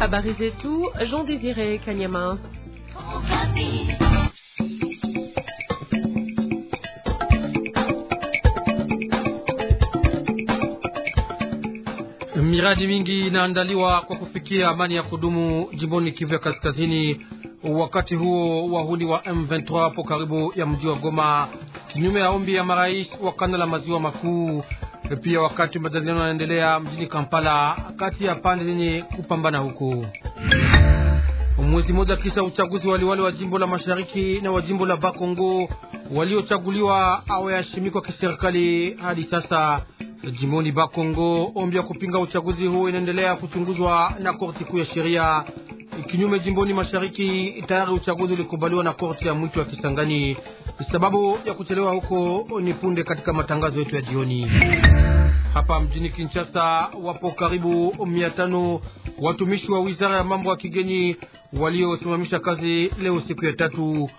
Habari zetu Jean Désiré Kanyama. Miradi mingi inaandaliwa kwa kufikia amani ya kudumu jimboni Kivu ya Kaskazini, wakati huo wahuni wa M23 hapo karibu ya mji wa Goma, kinyume ya ombi ya marais wa kanda la maziwa makuu E, pia wakati majadiliano yanaendelea mjini Kampala kati ya pande zenye kupambana huku Mwezi mmoja kisha uchaguzi, waliwali wa jimbo la mashariki na wa jimbo la Bakongo waliochaguliwa awayashimikwa kiserikali hadi sasa. Jimboni Bakongo, ombi ya kupinga uchaguzi huu inaendelea kuchunguzwa na korti kuu ya sheria. Kinyume jimboni mashariki, tayari uchaguzi ulikubaliwa na korti ya mwito ya Kisangani. Sababu ya kuchelewa huko ni punde katika matangazo yetu ya jioni. Hapa mjini Kinshasa wapo karibu mia tano watumishi wa wizara ya mambo ya kigeni waliosimamisha kazi leo siku ya tatu,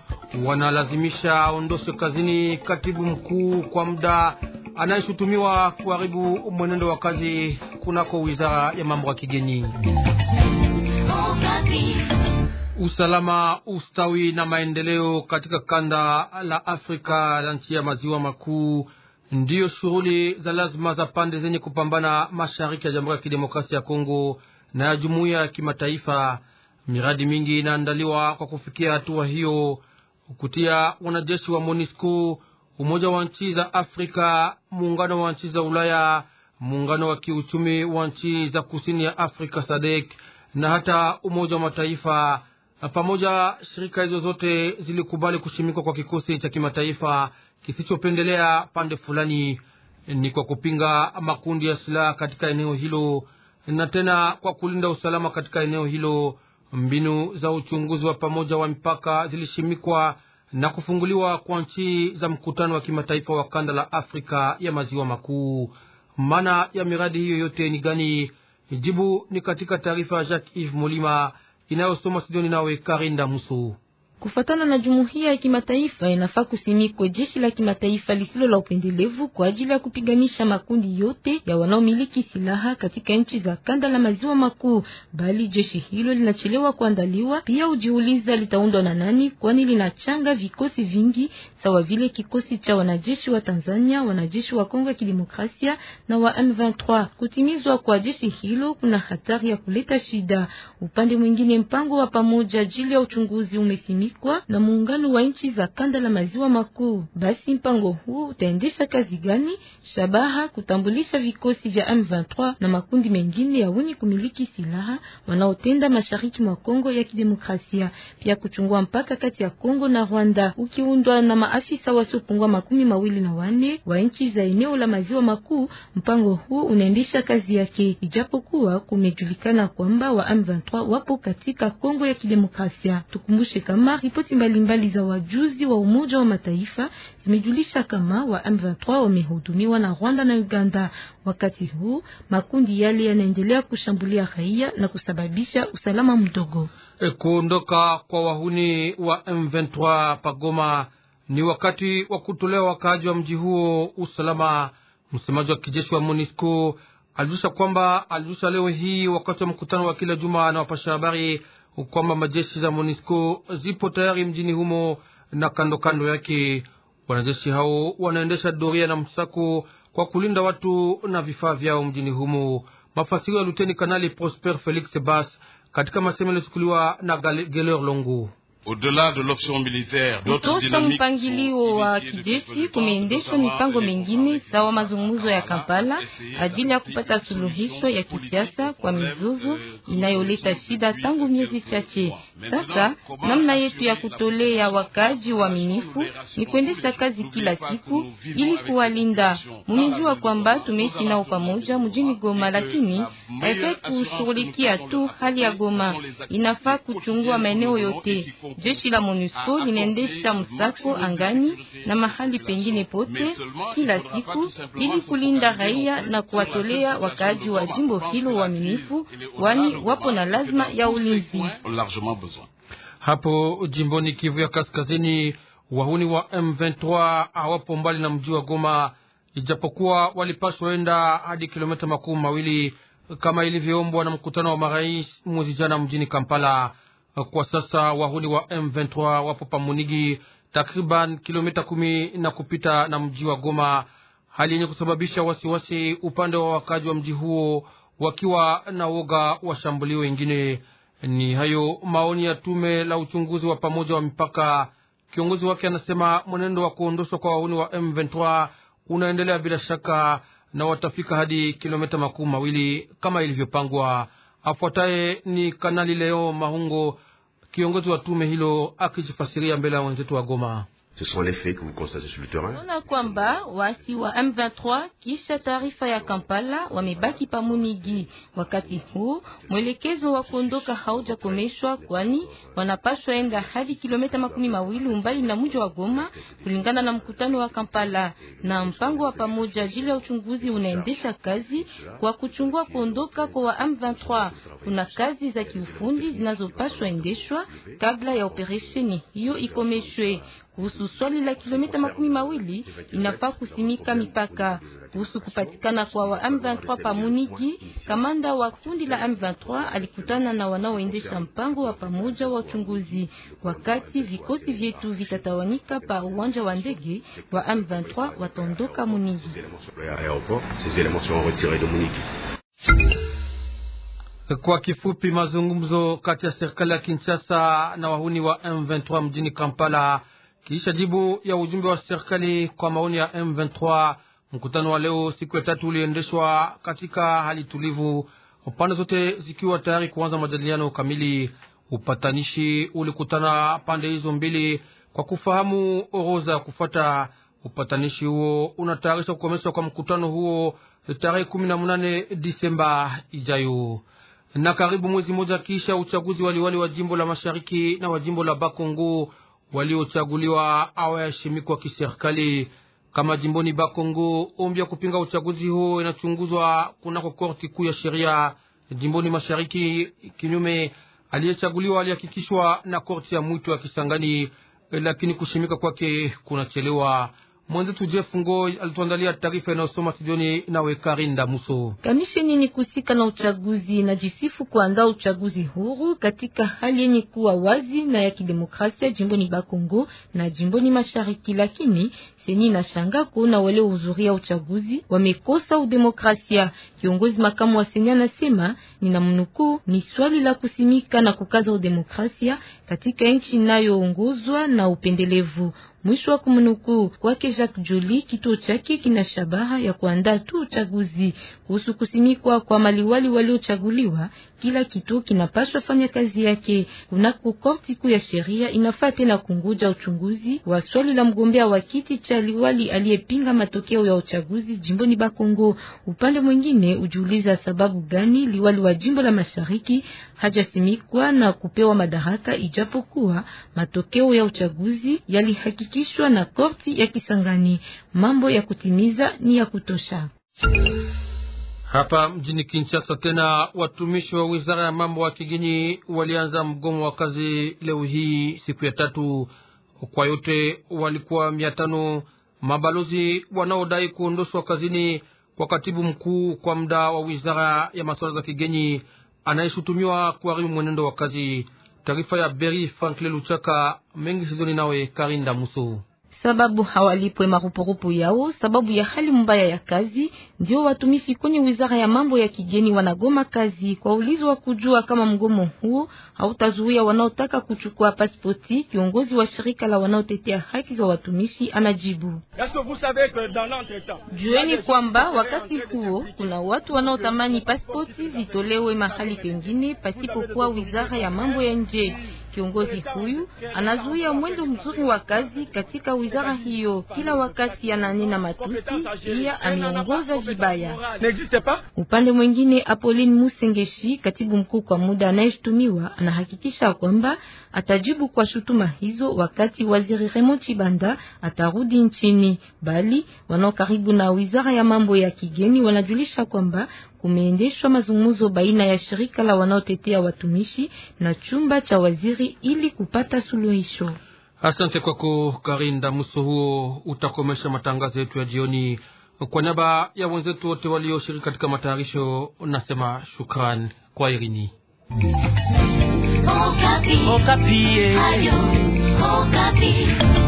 wanalazimisha ondoshe kazini katibu mkuu kwa muda anayeshutumiwa kuharibu mwenendo wa kazi kunako wizara ya mambo ya kigeni. Oh, usalama, ustawi na maendeleo katika kanda la Afrika la nchi ya maziwa makuu ndiyo shughuli za lazima za pande zenye kupambana mashariki ya Jamhuri ya Kidemokrasia ya Kongo na ya jumuiya ya kimataifa. Miradi mingi inaandaliwa kwa kufikia hatua hiyo, kutia wanajeshi wa MONUSCO, Umoja wa nchi za Afrika, Muungano wa nchi za Ulaya, Muungano wa kiuchumi wa nchi za kusini ya Afrika, sadek na hata Umoja wa Mataifa pamoja shirika hizo zote zilikubali kushimikwa kwa kikosi cha kimataifa kisichopendelea pande fulani, ni kwa kupinga makundi ya silaha katika eneo hilo na tena kwa kulinda usalama katika eneo hilo. Mbinu za uchunguzi wa pamoja wa mipaka zilishimikwa na kufunguliwa kwa nchi za mkutano wa kimataifa wa kanda la Afrika ya maziwa makuu. Maana ya miradi hiyo yote ni gani? Jibu ni katika taarifa ya Jacques Yves Molima inayosoma studioni nawe Karinda Musu. Kufatana na jumuiya ya kimataifa, inafaa kusimikwa jeshi la kimataifa lisilo la upendelevu kwa ajili ya kupiganisha makundi yote ya wanaomiliki silaha katika nchi za kanda la maziwa makuu, bali jeshi hilo linachelewa kuandaliwa. Pia ujiuliza litaundwa na nani, kwani linachanga vikosi vingi sawa vile kikosi cha wanajeshi wa Tanzania, wanajeshi wa Kongo ya Kidemokrasia na wa M23. Kutimizwa kwa jeshi hilo kuna hatari ya kuleta shida. Upande mwingine, mpango wa pamoja ajili ya uchunguzi umesimikwa yalialikwa na muungano wa nchi za kanda la maziwa makuu. Basi mpango huu utaendesha kazi gani? Shabaha kutambulisha vikosi vya M23 na makundi mengine ya wenye kumiliki silaha wanaotenda mashariki mwa Kongo ya Kidemokrasia, pia kuchungua mpaka kati ya Kongo na Rwanda ukiundwa na maafisa wasiopungua makumi mawili na wanne wa nchi za eneo la maziwa makuu. Mpango huu unaendesha kazi yake, ijapokuwa kumejulikana kwamba wa M23 wapo katika Kongo ya Kidemokrasia. Tukumbushe kama Ripoti mbalimbali za wajuzi wa Umoja wa Mataifa zimejulisha kama wa M23 wamehudumiwa na Rwanda na Uganda. Wakati huu makundi yale yanaendelea kushambulia raia na kusababisha usalama mdogo. E, kuondoka kwa wahuni wa M23 pagoma ni wakati wa kutolewa wakaaji wa mji huo usalama. Msemaji wa kijeshi wa MONUSCO alijusha kwamba alijusha leo hii wakati wa mkutano wa kila juma na wapasha habari kwamba majeshi za MONUSCO zipo tayari mjini humo na kando kando yake. Wanajeshi hao wanaendesha doria na msako kwa kulinda watu na vifaa vyao mjini humo. Mafasirio ya Luteni Kanali Prosper Felix Bas katika masemo yaliyochukuliwa na geler Longo kutosha mpangilio wa kijeshi, kumeendeshwa mipango mengine sawa mazungumzo ya Kampala ajili ya kupata suluhisho ya kisiasa kwa mizozo inayoleta shida tangu miezi chache. Sasa namna yetu ya kutolea wakaji uaminifu ni kuendesha kazi kila siku ili kuwalinda. Mnijua kwamba tumeishi nao pamoja mjini Goma, lakini haifai kushughulikia tu hali ya Goma, inafaa kuchungua maeneo yote. Jeshi la MONUSCO linaendesha msako angani na mahali pengine pote kila siku ili kulinda raia na kuwatolea wakaji wa jimbo hilo uaminifu, kwani wapo na lazima ya ulinzi kutunzwa. Hapo jimboni Kivu ya Kaskazini, wahuni wa M23 hawapo mbali na mji wa Goma, ijapokuwa walipaswa enda hadi kilomita makumi mawili kama ilivyoombwa na mkutano wa marais mwezi jana mjini Kampala. Kwa sasa wahuni wa M23 wapo Pamunigi, takriban kilomita kumi na kupita na mji wa Goma, hali yenye kusababisha wasiwasi wasi upande wa wakaji wa mji huo, wakiwa na woga washambulio wengine. Ni hayo maoni ya tume la uchunguzi wa pamoja wa mipaka. Kiongozi wake anasema mwenendo wa kuondoshwa kwa wauni wa M23 unaendelea bila shaka, na watafika hadi kilomita makumi mawili kama ilivyopangwa. Afuataye ni Kanali Leo Mahungo, kiongozi wa tume hilo, akijifasiria mbele ya wenzetu wa Goma. Ce sont les faits que vous constatez sur le terrain. On a kwamba waasi wa M23 kisha taarifa ya Kampala wamebaki pa Munigi. Wakati huu mwelekezo wa kuondoka haujakomeshwa, kwani wanapaswa enda hadi kilomita makumi mawili umbali na mji wa Goma kulingana na mkutano wa Kampala. Na mpango wa pamoja ajili ya uchunguzi unaendesha kazi kwa kuchungua kuondoka kwa wa M23. Kuna kazi za kiufundi zinazopaswa endeshwa kabla ya operesheni hiyo ikomeshwe. Kuhusu swali la kilomita makumi mawili inafaa kusimika mipaka. Kuhusu kupatikana kwa wa M23 pamuniji, kamanda wa kundi la M23 alikutana na wanaoendesha mpango wa pamoja wa uchunguzi. Wakati vikosi vyetu vitatawanika pa uwanja wa ndege, wa M23 wataondoka Muniji. Kwa kifupi, mazungumzo kati ya serikali ya Kinshasa na wahuni wa M23 mjini Kampala kisha jibu ya ujumbe wa serikali kwa maoni ya M23. Mkutano wa leo siku ya tatu uliendeshwa katika hali tulivu, pande zote zikiwa tayari kuanza majadiliano kamili. Upatanishi ulikutana pande hizo mbili kwa kufahamu oroza ya kufuata. Upatanishi huo unatayarisha kukomeshwa kwa mkutano huo tarehe kumi na mnane Disemba ijayo. Na karibu mwezi mmoja kisha uchaguzi waliwali wa jimbo la mashariki na wa jimbo la Bakongo waliochaguliwa awaheshimikwa kiserikali kama jimboni Bakongo. Ombi ya kupinga uchaguzi huo inachunguzwa kunako korti kuu ya sheria jimboni mashariki. Kinyume, aliyechaguliwa alihakikishwa na korti ya mwito ya Kisangani, lakini kushimika kwake kunachelewa. Mwenzetu Jeff Ngoi alituandalia taarifa inayosoma studioni nawe Karinda Muso. Kamisheni ni kusika na uchaguzi na jisifu kuandaa uchaguzi huru katika hali yenye kuwa wazi na ya kidemokrasia jimboni Bakongo na jimboni Mashariki, lakini Seni na shanga kuona wale uzuria uchaguzi wamekosa udemokrasia. Kiongozi makamu wa Seni anasema, ninamnukuu, ni swali la kusimika na kukaza udemokrasia katika nchi inayoongozwa na upendelevu. Mwisho wa kumnukuu kwake. Jacques Joly, kituo chake kina shabaha ya kuandaa tu uchaguzi. Kuhusu kusimikwa kwa maliwali waliochaguliwa, kila kituo kinapaswa fanya kazi yake. Kunako korti kuu ya sheria inafaa tena kunguja uchunguzi wa swali la mgombea wa kiti cha cha liwali aliyepinga matokeo ya uchaguzi jimboni Bakongo. Upande mwingine ujiuliza sababu gani liwali wa jimbo la mashariki hajasimikwa na kupewa madaraka, ijapokuwa matokeo ya uchaguzi yalihakikishwa na korti ya Kisangani. Mambo ya kutimiza ni ya kutosha. Hapa mjini Kinshasa tena watumishi wa wizara ya mambo ya kigeni walianza mgomo wa kazi leo hii siku ya tatu kwa yote walikuwa mia tano mabalozi wanaodai kuondoshwa kazini kwa katibu mkuu kwa muda wa wizara ya masuala za kigeni anayeshutumiwa kuharibu mwenendo wa kazi. Taarifa ya Beri Frankle Luchaka mengi sizoni nawe Karinda Musu sababu hawalipwe marupurupu yao sababu ya hali mbaya ya kazi. Ndio watumishi kwenye wizara ya mambo ya kigeni wanagoma kazi kwa ulizo wa kujua kama mgomo huo hautazuia wanaotaka kuchukua pasipoti. Kiongozi wa shirika la wanaotetea haki za watumishi anajibu: jueni kwamba wakati huo kuna watu wanaotamani pasipoti zitolewe mahali pengine pasipokuwa wizara ya mambo ya nje. Kiongozi huyu anazuia mwendo mzuri wa kazi katika wizara hiyo, kila wakati ananena matusi, pia ameongoza vibaya. Upande mwingine, Apolline Musengeshi, katibu mkuu kwa muda anayeshutumiwa, anahakikisha kwamba atajibu kwa shutuma hizo wakati waziri Raymond Chibanda atarudi nchini, bali wanaokaribu na wizara ya mambo ya kigeni wanajulisha kwamba kumeendeshwa mazungumzo baina ya shirika la wanaotetea watumishi na chumba cha waziri ili kupata suluhisho. Asante kwako Karinda Muso. Huo utakomesha matangazo yetu ya jioni. Kwa niaba ya wenzetu wote walioshiriki katika matayarisho, nasema shukran kwa irini. Okapi. Okapi. Eh. Ayo, Okapi.